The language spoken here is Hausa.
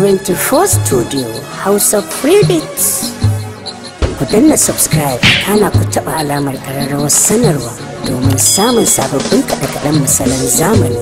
24 studio House of Credits. Ku danna subscribe kana ku taɓa alamar ƙararrawar sanarwa domin samun sababbin kaɗe-kaɗen misalan zamani.